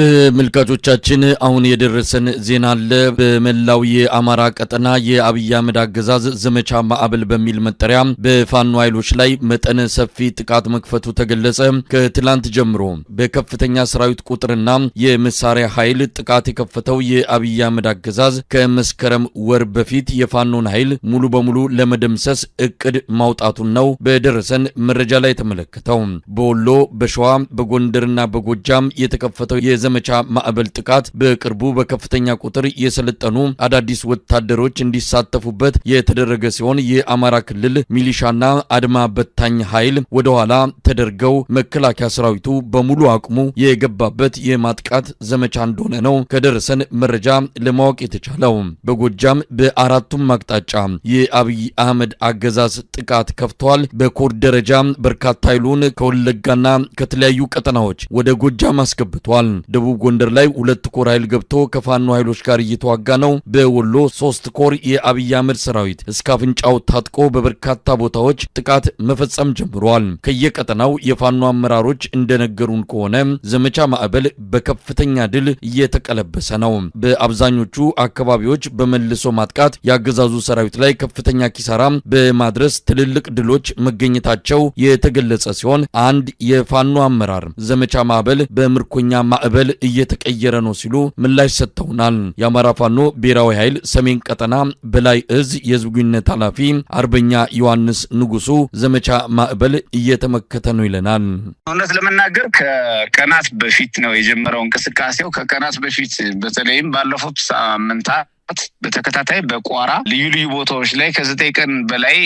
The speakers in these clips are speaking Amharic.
ተመልካቾቻችን አሁን የደረሰን ዜና አለ። በመላው የአማራ ቀጠና የአብይ አህመድ አገዛዝ ዘመቻ ማዕበል በሚል መጠሪያ በፋኖ ኃይሎች ላይ መጠነ ሰፊ ጥቃት መክፈቱ ተገለጸ። ከትላንት ጀምሮ በከፍተኛ ሰራዊት ቁጥርና የመሳሪያ ኃይል ጥቃት የከፈተው የአብይ አህመድ አገዛዝ ከመስከረም ወር በፊት የፋኖን ኃይል ሙሉ በሙሉ ለመደምሰስ እቅድ ማውጣቱን ነው በደረሰን መረጃ ላይ ተመለከተው። በወሎ፣ በሸዋ፣ በጎንደርና በጎጃም የተከፈተው የዘመቻ ማዕበል ጥቃት በቅርቡ በከፍተኛ ቁጥር የሰለጠኑ አዳዲስ ወታደሮች እንዲሳተፉበት የተደረገ ሲሆን የአማራ ክልል ሚሊሻና አድማ በታኝ ኃይል ወደኋላ ተደርገው መከላከያ ሰራዊቱ በሙሉ አቅሙ የገባበት የማጥቃት ዘመቻ እንደሆነ ነው ከደረሰን መረጃ ለማወቅ የተቻለው። በጎጃም በአራቱም አቅጣጫ የአብይ አህመድ አገዛዝ ጥቃት ከፍተዋል። በኮር ደረጃ በርካታ ኃይሉን ከወለጋና ከተለያዩ ቀጠናዎች ወደ ጎጃም አስገብቷል። ደቡብ ጎንደር ላይ ሁለት ኮር ኃይል ገብቶ ከፋኖ ኃይሎች ጋር እየተዋጋ ነው። በወሎ ሶስት ኮር የአብይ አህመድ ሰራዊት እስከ አፍንጫው ታጥቆ በበርካታ ቦታዎች ጥቃት መፈጸም ጀምረዋል። ከየቀጠናው የፋኖ አመራሮች እንደነገሩን ከሆነ ዘመቻ ማዕበል በከፍተኛ ድል እየተቀለበሰ ነው። በአብዛኞቹ አካባቢዎች በመልሶ ማጥቃት የአገዛዙ ሰራዊት ላይ ከፍተኛ ኪሳራ በማድረስ ትልልቅ ድሎች መገኘታቸው የተገለጸ ሲሆን አንድ የፋኖ አመራር ዘመቻ ማዕበል በምርኮኛ ማዕበል ማዕበል እየተቀየረ ነው ሲሉ ምላሽ ሰጥተውናል። የአማራ ፋኖ ብሔራዊ ኃይል ሰሜን ቀጠና በላይ እዝ የህዝብ ግንኙነት ኃላፊ አርበኛ ዮሐንስ ንጉሱ ዘመቻ ማዕበል እየተመከተ ነው ይለናል። እውነት ለመናገር ከቀናት በፊት ነው የጀመረው እንቅስቃሴው። ከቀናት በፊት በተለይም ባለፉት ሳምንታት ወራት በተከታታይ በቋራ ልዩ ልዩ ቦታዎች ላይ ከዘጠኝ ቀን በላይ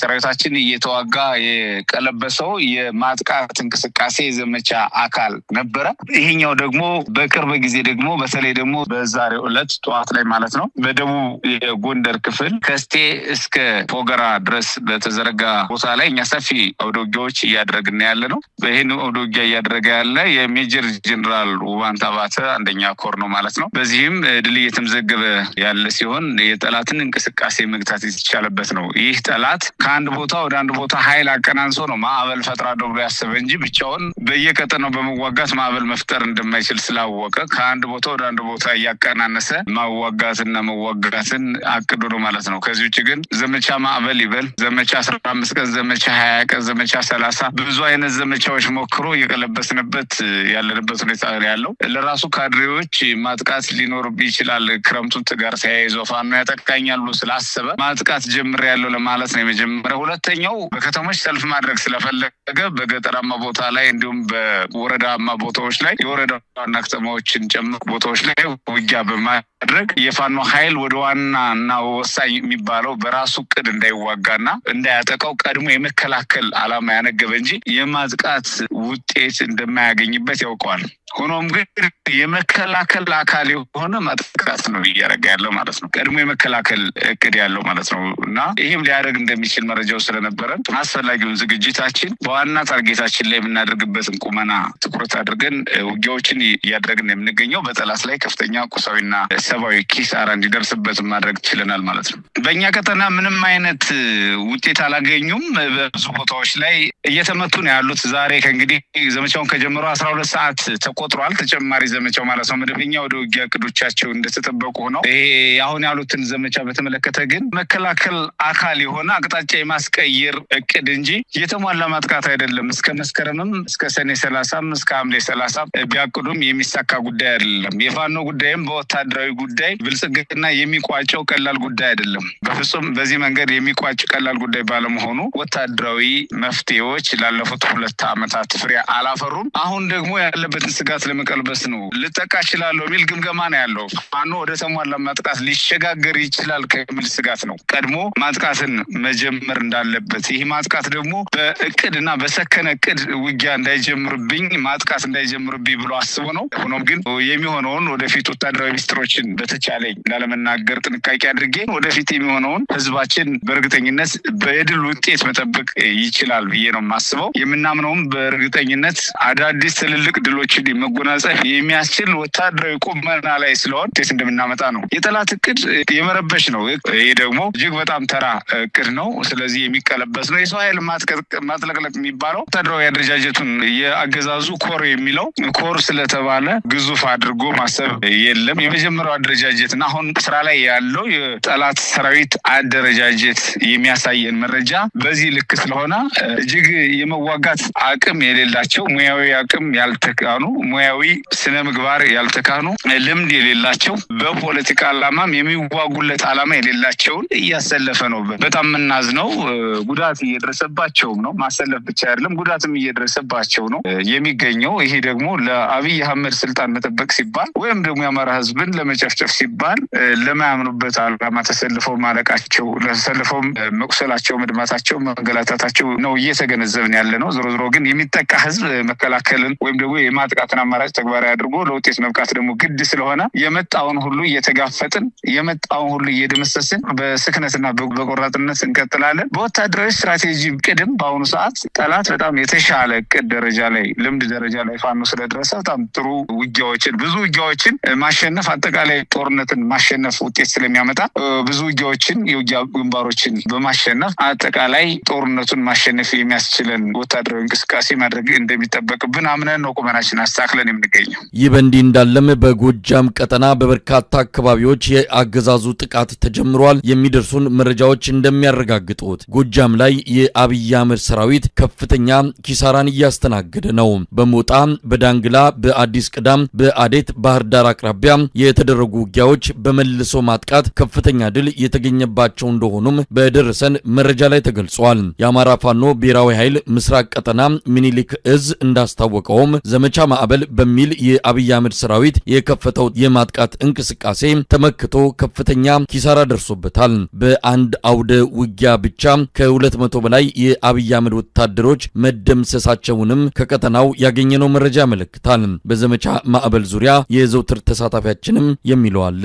ሰራዊታችን እየተዋጋ የቀለበሰው የማጥቃት እንቅስቃሴ ዘመቻ አካል ነበረ። ይሄኛው ደግሞ በቅርብ ጊዜ ደግሞ በተለይ ደግሞ በዛሬ ዕለት ጠዋት ላይ ማለት ነው በደቡብ የጎንደር ክፍል ከስቴ እስከ ፎገራ ድረስ በተዘረጋ ቦታ ላይ እኛ ሰፊ አውዶጊያዎች እያደረግን ያለ ነው። ይህን አውዶጊያ እያደረገ ያለ የሜጀር ጀኔራል ውባንታ ባተ አንደኛ ኮር ነው ማለት ነው። በዚህም ድል እየተመዘገበ ያለ ሲሆን የጠላትን እንቅስቃሴ መግታት የተቻለበት ነው። ይህ ጠላት ከአንድ ቦታ ወደ አንድ ቦታ ኃይል አቀናንሶ ነው ማዕበል ፈጥራለሁ ብሎ ያሰበ እንጂ ብቻውን በየቀጠናው በመዋጋት ማዕበል መፍጠር እንደማይችል ስላወቀ ከአንድ ቦታ ወደ አንድ ቦታ እያቀናነሰ ማዋጋትና መዋጋትን አቅዶ ነው ማለት ነው። ከዚህ ውጭ ግን ዘመቻ ማዕበል ይበል ዘመቻ አስራ አምስት ቀን ዘመቻ ሀያ ቀን ዘመቻ ሰላሳ ብዙ አይነት ዘመቻዎች ሞክሮ እየቀለበስንበት ያለንበት ሁኔታ ያለው ለራሱ ካድሬዎች ማጥቃት ሊኖር ይችላል ክረምቱን ጋር ተያይዞ ፋኖ ያጠቃኛሉ ስላሰበ ማጥቃት ጀምር ያለው ለማለት ነው የመጀመሪያው። ሁለተኛው በከተሞች ሰልፍ ማድረግ ስለፈለገ ገብ በገጠራማ ቦታ ላይ እንዲሁም በወረዳማ ቦታዎች ላይ የወረዳ ዋና ከተማዎችን ጨምሮ ቦታዎች ላይ ውጊያ በማድረግ የፋኖ ኃይል ወደ ዋና እና ወሳኝ የሚባለው በራሱ ቅድ እንዳይዋጋና እንዳያጠቃው ቀድሞ የመከላከል አላማ ያነገበ እንጂ የማዝቃት ውጤት እንደማያገኝበት ያውቀዋል። ሆኖም ግን የመከላከል አካል የሆነ ማጥቃት ነው እያደረገ ያለው ማለት ነው። ቀድሞ የመከላከል እቅድ ያለው ማለት ነው እና ይህም ሊያደርግ እንደሚችል መረጃው ስለነበረን አስፈላጊውን ዝግጅታችን በዋና ታርጌታችን ላይ የምናደርግበትን ቁመና ትኩረት አድርገን ውጊያዎችን እያደረግን የምንገኘው በጠላት ላይ ከፍተኛ ቁሳዊና ሰብአዊ ኪሳራ እንዲደርስበት ማድረግ ችለናል ማለት ነው። በእኛ ቀጠና ምንም አይነት ውጤት አላገኙም። በብዙ ቦታዎች ላይ እየተመቱ ነው ያሉት። ዛሬ ከእንግዲህ ዘመቻውን ከጀምሮ አስራ ሁለት ሰዓት ተቆጥሯል። ተጨማሪ ዘመቻው ማለት ነው። መደበኛ ወደ ውጊያ እቅዶቻቸው እንደተጠበቁ ነው። ይሄ አሁን ያሉትን ዘመቻ በተመለከተ ግን መከላከል አካል የሆነ አቅጣጫ የማስቀየር እቅድ እንጂ የተሟላ ማጥቃት ማጣት አይደለም። እስከ መስከረምም እስከ ሰኔ ሰላሳም እስከ ሐምሌ ሰላሳም ቢያቅዱም የሚሳካ ጉዳይ አይደለም። የፋኖ ጉዳይም በወታደራዊ ጉዳይ ብልጽግና የሚቋጨው ቀላል ጉዳይ አይደለም። በፍጹም በዚህ መንገድ የሚቋጭ ቀላል ጉዳይ ባለመሆኑ ወታደራዊ መፍትሄዎች ላለፉት ሁለት ዓመታት ፍሬ አላፈሩም። አሁን ደግሞ ያለበትን ስጋት ለመቀልበስ ነው። ልጠቃ እችላለሁ የሚል ግምገማ ነው ያለው። ፋኖ ወደ ተሟላ ማጥቃት ሊሸጋገር ይችላል ከሚል ስጋት ነው ቀድሞ ማጥቃትን መጀመር እንዳለበት። ይህ ማጥቃት ደግሞ በእቅድና በሰከነ እቅድ ውጊያ እንዳይጀምርብኝ ማጥቃት እንዳይጀምርብኝ ብሎ አስቦ ነው። ሆኖም ግን የሚሆነውን ወደፊት ወታደራዊ ሚስጥሮችን በተቻለኝ ላለመናገር ጥንቃቄ አድርጌ ወደፊት የሚሆነውን ህዝባችን በእርግጠኝነት በድል ውጤት መጠበቅ ይችላል ብዬ ነው የማስበው። የምናምነውም በእርግጠኝነት አዳዲስ ትልልቅ ድሎችን መጎናጸፍ የሚያስችል ወታደራዊ ቁመና ላይ ስለሆን ውጤት እንደምናመጣ ነው። የጠላት እቅድ የመረበሽ ነው። ይህ ደግሞ እጅግ በጣም ተራ እቅድ ነው። ስለዚህ የሚቀለበስ ነው። የሰው ኃይል ማጥለቅለቅ የሚባለው ወታደራዊ አደረጃጀቱን የአገዛዙ ኮር የሚለው ኮር ስለተባለ ግዙፍ አድርጎ ማሰብ የለም። የመጀመሪያው አደረጃጀትና አሁን ስራ ላይ ያለው የጠላት ሰራዊት አደረጃጀት የሚያሳየን መረጃ በዚህ ልክ ስለሆነ እጅግ የመዋጋት አቅም የሌላቸው ሙያዊ አቅም ያልተካኑ ሙያዊ ስነ ምግባር ያልተካኑ ልምድ የሌላቸው በፖለቲካ አላማም የሚዋጉለት አላማ የሌላቸውን እያሰለፈ ነው። በጣም የምናዝነው ጉዳት እየደረሰባቸውም ነው ማሰለፍ ብቻ አይደለም ጉዳትም እየደረሰባቸው ነው የሚገኘው። ይሄ ደግሞ ለአብይ አህመድ ስልጣን መጠበቅ ሲባል ወይም ደግሞ የአማራ ህዝብን ለመጨፍጨፍ ሲባል ለማያምኑበት አላማ ተሰልፈው ማለቃቸው ተሰልፈውም መቁሰላቸው፣ መድማታቸው፣ መንገላታታቸው ነው እየተገነዘብን ያለ ነው። ዞሮ ዞሮ ግን የሚጠቃ ህዝብ መከላከልን ወይም ደግሞ የማጥቃትን አማራጭ ተግባራዊ አድርጎ ለውጤት መብቃት ደግሞ ግድ ስለሆነ የመጣውን ሁሉ እየተጋፈጥን የመጣውን ሁሉ እየደመሰስን በስክነትና በቆራጥነት እንቀጥላለን። በወታደራዊ ስትራቴጂ ቅድም በአሁኑ ሰዓት ጠላት በጣም የተሻለ እቅድ ደረጃ ላይ ልምድ ደረጃ ላይ ፋኖ ስለደረሰ በጣም ጥሩ ውጊያዎችን ብዙ ውጊያዎችን ማሸነፍ አጠቃላይ ጦርነትን ማሸነፍ ውጤት ስለሚያመጣ ብዙ ውጊያዎችን የውጊያ ግንባሮችን በማሸነፍ አጠቃላይ ጦርነቱን ማሸነፍ የሚያስችለን ወታደራዊ እንቅስቃሴ ማድረግ እንደሚጠበቅብን አምነን ነው ቁመናችን አስተካክለን የምንገኘው። ይህ በእንዲህ እንዳለም በጎጃም ቀጠና በበርካታ አካባቢዎች የአገዛዙ ጥቃት ተጀምሯል። የሚደርሱን መረጃዎች እንደሚያረጋግጡት ጎጃም ላይ የአብይ አህመድ ሰራዊት ከፍ ከፍተኛ ኪሳራን እያስተናገደ ነው። በሞጣ በዳንግላ፣ በአዲስ ቅዳም፣ በአዴት ባህር ዳር አቅራቢያ የተደረጉ ውጊያዎች በመልሶ ማጥቃት ከፍተኛ ድል የተገኘባቸው እንደሆኑም በደረሰን መረጃ ላይ ተገልጿል። የአማራ ፋኖ ብሔራዊ ኃይል ምስራቅ ቀጠና ሚኒሊክ እዝ እንዳስታወቀውም ዘመቻ ማዕበል በሚል የአብይ አህመድ ሰራዊት የከፈተው የማጥቃት እንቅስቃሴ ተመክቶ ከፍተኛ ኪሳራ ደርሶበታል። በአንድ አውደ ውጊያ ብቻ ከ መቶ በላይ የአብይ አህመድ ወታደ ወታደሮች መደምሰሳቸውንም ከቀጠናው ያገኘነው መረጃ ያመለክታል። በዘመቻ ማዕበል ዙሪያ የዘውትር ተሳታፊያችንም የሚለው አለ።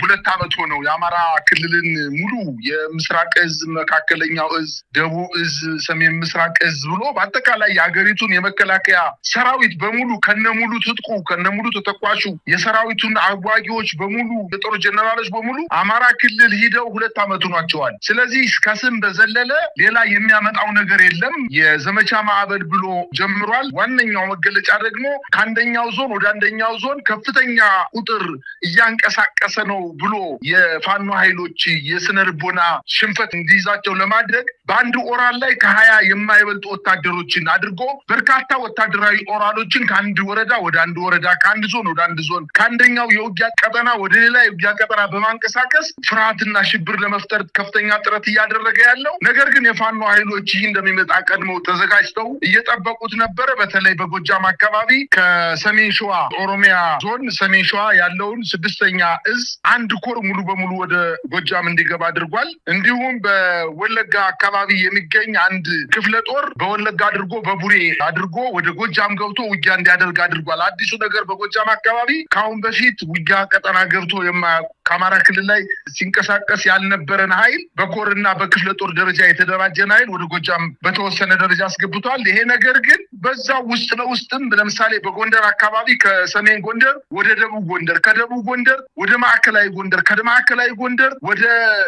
ሁለት ዓመት ሆነው የአማራ ክልልን ሙሉ የምስራቅ እዝ፣ መካከለኛው እዝ፣ ደቡብ እዝ፣ ሰሜን ምስራቅ እዝ ብሎ በአጠቃላይ የሀገሪቱን የመከላከያ ሰራዊት በሙሉ ከነሙሉ ትጥቁ ከነሙሉ ተተኳሹ የሰራዊቱን አዋጊዎች በሙሉ የጦር ጀነራሎች በሙሉ አማራ ክልል ሂደው ሁለት ዓመት ሆኗቸዋል። ስለዚህ ከስም በዘለለ ሌላ የሚያመጣው ነገር የለም። የዘመቻ ማዕበል ብሎ ጀምሯል። ዋነኛው መገለጫ ደግሞ ከአንደኛው ዞን ወደ አንደኛው ዞን ከፍተኛ ቁጥር እያንቀሳቀሰ ነው ብሎ የፋኖ ኃይሎች የስነ ልቦና ሽንፈት እንዲይዛቸው ለማድረግ በአንድ ኦራል ላይ ከሀያ የማይበልጡ ወታደሮችን አድርጎ በርካታ ወታደራዊ ኦራሎችን ከአንድ ወረዳ ወደ አንድ ወረዳ ከአንድ ዞን ወደ አንድ ዞን ከአንደኛው የውጊያ ቀጠና ወደ ሌላ የውጊያ ቀጠና በማንቀሳቀስ ፍርሃትና ሽብር ለመፍጠር ከፍተኛ ጥረት እያደረገ ያለው ነገር ግን የፋኖ ኃይሎች ይህ እንደሚመጣ ቀድመው ተዘጋጅተው እየጠበቁት ነበረ። በተለይ በጎጃም አካባቢ ከሰሜን ሸዋ ኦሮሚያ ዞን ሰሜን ሸዋ ያለውን ስድስተኛ እዝ አንድ ኮር ሙሉ በሙሉ ወደ ጎጃም እንዲገባ አድርጓል። እንዲሁም በወለጋ አካባቢ የሚገኝ አንድ ክፍለ ጦር በወለጋ አድርጎ በቡሬ አድርጎ ወደ ጎጃም ገብቶ ውጊያ እንዲያደርግ አድርጓል። አዲሱ ነገር በጎጃም አካባቢ ከአሁን በፊት ውጊያ ቀጠና ገብቶ የማያውቁ ከአማራ ክልል ላይ ሲንቀሳቀስ ያልነበረን ኃይል በኮርና በክፍለ ጦር ደረጃ የተደራጀን ኃይል ወደ ጎጃም በተወሰነ ደረጃ አስገብቷል። ይሄ ነገር ግን በዛ ውስጥ ለውስጥም ለምሳሌ በጎንደር አካባቢ ከሰሜን ጎንደር ወደ ደቡብ ጎንደር፣ ከደቡብ ጎንደር ወደ ማዕከላዊ ጎንደር፣ ከማዕከላዊ ጎንደር ወደ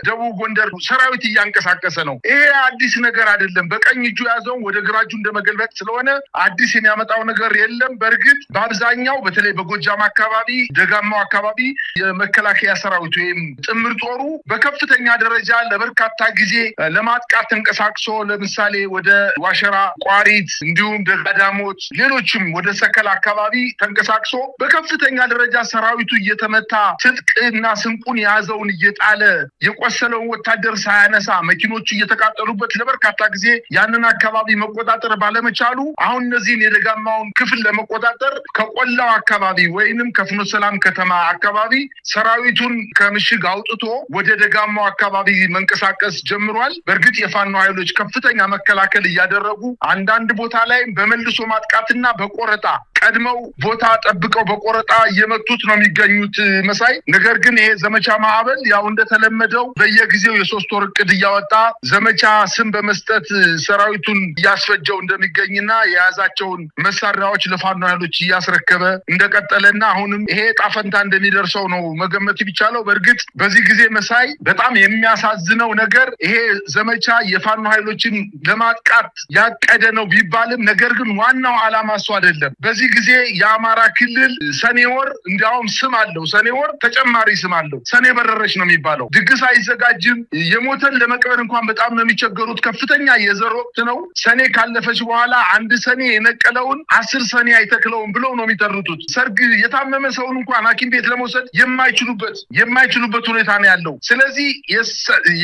ደቡብ ጎንደር ሰራዊት እያንቀሳቀሰ ነው። ይሄ አዲስ ነገር አይደለም። በቀኝ እጁ ያዘውን ወደ ግራ እጁ እንደመገልበጥ ስለሆነ አዲስ የሚያመጣው ነገር የለም። በእርግጥ በአብዛኛው በተለይ በጎጃም አካባቢ፣ ደጋማው አካባቢ የመከላከያ ሰራዊት ወይም ጥምር ጦሩ በከፍተኛ ደረጃ ለበርካታ ጊዜ ለማጥቃት ተንቀሳቅሶ ለምሳሌ ወደ ዋሸራ፣ ቋሪት እንዲሁም በዳሞት ሌሎችም ወደ ሰከላ አካባቢ ተንቀሳቅሶ በከፍተኛ ደረጃ ሰራዊቱ እየተመታ ትጥቅና ስንቁን የያዘውን እየጣለ የቆሰለውን ወታደር ሳያነሳ መኪኖቹ እየተቃጠሉበት ለበርካታ ጊዜ ያንን አካባቢ መቆጣጠር ባለመቻሉ አሁን እነዚህን የደጋማውን ክፍል ለመቆጣጠር ከቆላው አካባቢ ወይንም ከፍኖ ሰላም ከተማ አካባቢ ሰራዊቱን ከምሽግ አውጥቶ ወደ ደጋማው አካባቢ መንቀሳቀስ ጀምሯል። በእርግጥ የፋኖ ኃይሎች ከፍተኛ መከላከል እያደረጉ አንዳንድ ቦታ ላይ በመልሶ ማጥቃትና በቆረጣ ቀድመው ቦታ ጠብቀው በቆረጣ እየመጡት ነው የሚገኙት መሳይ። ነገር ግን ይሄ ዘመቻ ማዕበል ያው እንደተለመደው በየጊዜው የሶስት ወር እቅድ እያወጣ ዘመቻ ስም በመስጠት ሰራዊቱን እያስፈጀው እንደሚገኝና የያዛቸውን መሳሪያዎች ለፋኖ ኃይሎች እያስረከበ እንደቀጠለና አሁንም ይሄ ጣፈንታ እንደሚደርሰው ነው መገመት ቢቻለው። በእርግጥ በዚህ ጊዜ መሳይ በጣም የሚያሳዝነው ነገር ይሄ ዘመቻ የፋኖ ኃይሎችን ለማጥቃት ያቀደ ነው ቢባልም ነገር ግን ዋናው ዓላማ እሱ አይደለም። በዚህ በዚህ ጊዜ የአማራ ክልል ሰኔ ወር እንዲያውም ስም አለው። ሰኔ ወር ተጨማሪ ስም አለው። ሰኔ በረረች ነው የሚባለው። ድግስ አይዘጋጅም። የሞተን ለመቅበር እንኳን በጣም ነው የሚቸገሩት። ከፍተኛ የዘር ወቅት ነው። ሰኔ ካለፈች በኋላ አንድ ሰኔ የነቀለውን አስር ሰኔ አይተክለውም ብለው ነው የሚተርቱት። ሰርግ የታመመ ሰውን እንኳን ሐኪም ቤት ለመውሰድ የማይችሉበት የማይችሉበት ሁኔታ ነው ያለው። ስለዚህ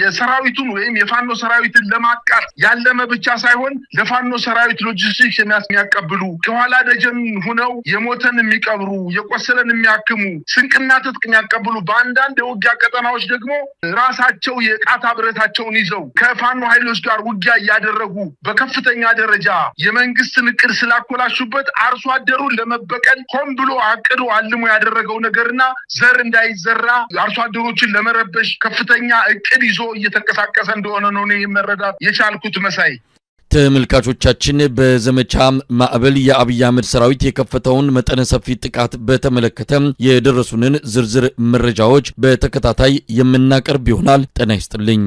የሰራዊቱን ወይም የፋኖ ሰራዊትን ለማቃት ያለመ ብቻ ሳይሆን ለፋኖ ሰራዊት ሎጂስቲክስ የሚያቀብሉ ከኋላ ደጀም ሁነው የሞተን የሚቀብሩ የቆሰለን የሚያክሙ ስንቅና ትጥቅ የሚያቀብሉ በአንዳንድ የውጊያ ቀጠናዎች ደግሞ ራሳቸው የቃታ ብረታቸውን ይዘው ከፋኖ ኃይሎች ጋር ውጊያ እያደረጉ በከፍተኛ ደረጃ የመንግስትን እቅድ ስላኮላሹበት አርሶ አደሩን ለመበቀል ሆን ብሎ አቅዶ አልሞ ያደረገው ነገርና ዘር እንዳይዘራ አርሶ አደሮችን ለመረበሽ ከፍተኛ እቅድ ይዞ እየተንቀሳቀሰ እንደሆነ ነው እኔ መረዳት የቻልኩት መሳይ። ተመልካቾቻችን በዘመቻ ማዕበል የአብይ አህመድ ሰራዊት የከፈተውን መጠነ ሰፊ ጥቃት በተመለከተ የደረሱንን ዝርዝር መረጃዎች በተከታታይ የምናቀርብ ይሆናል። ጤና ይስጥልኝ።